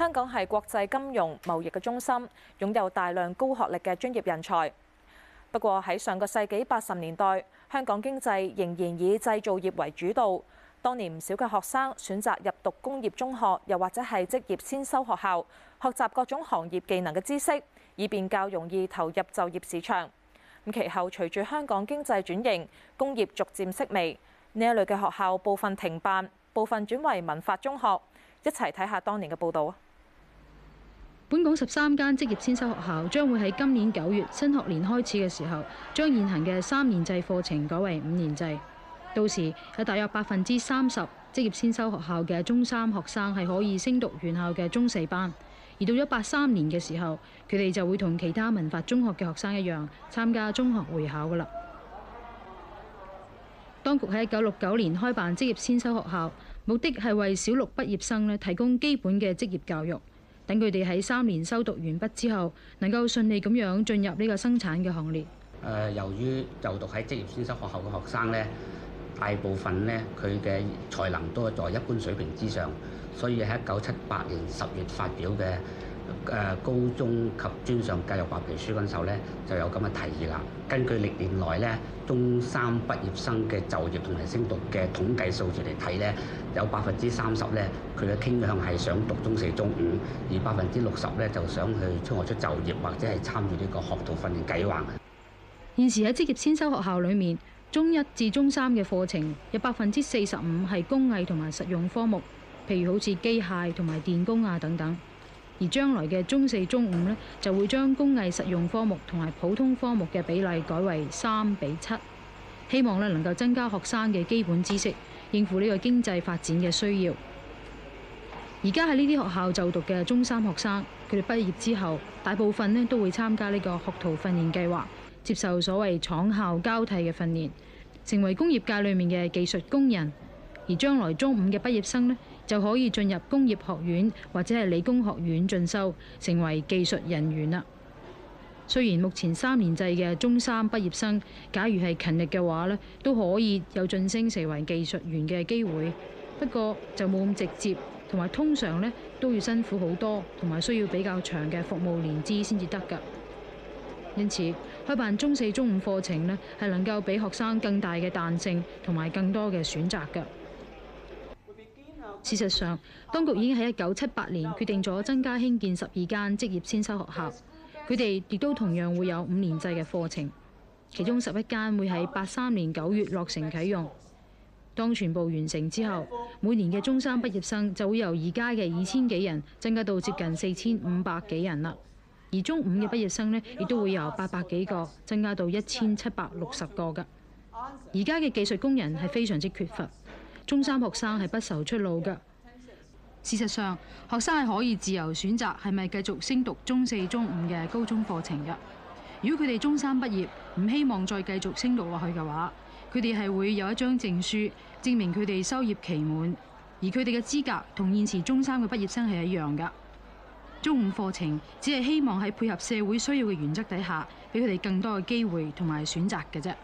香港係國際金融貿易嘅中心，擁有大量高學歷嘅專業人才。不過喺上個世紀八十年代，香港經濟仍然以製造業為主導。當年唔少嘅學生選擇入讀工業中學，又或者係職業先修學校，學習各種行業技能嘅知識，以便較容易投入就業市場。咁其後隨住香港經濟轉型，工業逐漸式微，呢一類嘅學校部分停辦，部分轉為文法中學。一齊睇下當年嘅報導啊！本港十三間職業先修學校將會喺今年九月新學年開始嘅時候，將現行嘅三年制課程改為五年制。到時喺大約百分之三十職業先修學校嘅中三學生係可以升讀院校嘅中四班，而到咗八三年嘅時候，佢哋就會同其他文法中學嘅學生一樣參加中學會考㗎啦。當局喺一九六九年開辦職業先修學校，目的係為小六畢業生呢，提供基本嘅職業教育。等佢哋喺三年修讀完畢之後，能夠順利咁樣進入呢個生產嘅行列。誒，由於就讀喺職業先修學校嘅學生咧。大部分咧，佢嘅才能都係在一般水平之上，所以喺一九七八年十月發表嘅《誒高中及專上教育白皮書》嗰時候咧，就有咁嘅提議啦。根據歷年來咧，中三畢業生嘅就業同埋升讀嘅統計數字嚟睇咧，有百分之三十咧，佢嘅傾向係想讀中四、中五而，而百分之六十咧就想去出學出就業或者係參與呢個學徒訓練計劃。現時喺職業先修學校裏面。中一至中三嘅課程有百分之四十五係工藝同埋實用科目，譬如好似機械同埋電工啊等等。而將來嘅中四、中五呢，就會將工藝實用科目同埋普通科目嘅比例改為三比七，希望呢能夠增加學生嘅基本知識，應付呢個經濟發展嘅需要。而家喺呢啲學校就讀嘅中三學生，佢哋畢業之後，大部分呢都會參加呢個學徒訓練計劃。接受所謂廠校交替嘅訓練，成為工業界裏面嘅技術工人，而將來中五嘅畢業生呢，就可以進入工業學院或者係理工學院進修，成為技術人員啦。雖然目前三年制嘅中三畢業生，假如係勤力嘅話呢，都可以有晉升成為技術員嘅機會，不過就冇咁直接，同埋通常呢都要辛苦好多，同埋需要比較長嘅服務年資先至得㗎。因此，開辦中四、中五課程呢，係能夠俾學生更大嘅彈性同埋更多嘅選擇嘅。事實上，當局已經喺一九七八年決定咗增加興建十二間職業先修學校，佢哋亦都同樣會有五年制嘅課程。其中十一間會喺八三年九月落成啟用。當全部完成之後，每年嘅中三畢業生就會由而家嘅二千幾人增加到接近四千五百幾人啦。而中五嘅畢業生呢，亦都會由八百幾個增加到一千七百六十個㗎。而家嘅技術工人係非常之缺乏，中三學生係不愁出路㗎。事實上，學生係可以自由選擇係咪繼續升讀中四、中五嘅高中課程㗎。如果佢哋中三畢業唔希望再繼續升讀落去嘅話，佢哋係會有一張證書證明佢哋修業期滿，而佢哋嘅資格同現時中三嘅畢業生係一樣㗎。中午課程只係希望喺配合社會需要嘅原則底下，俾佢哋更多嘅機會同埋選擇嘅啫。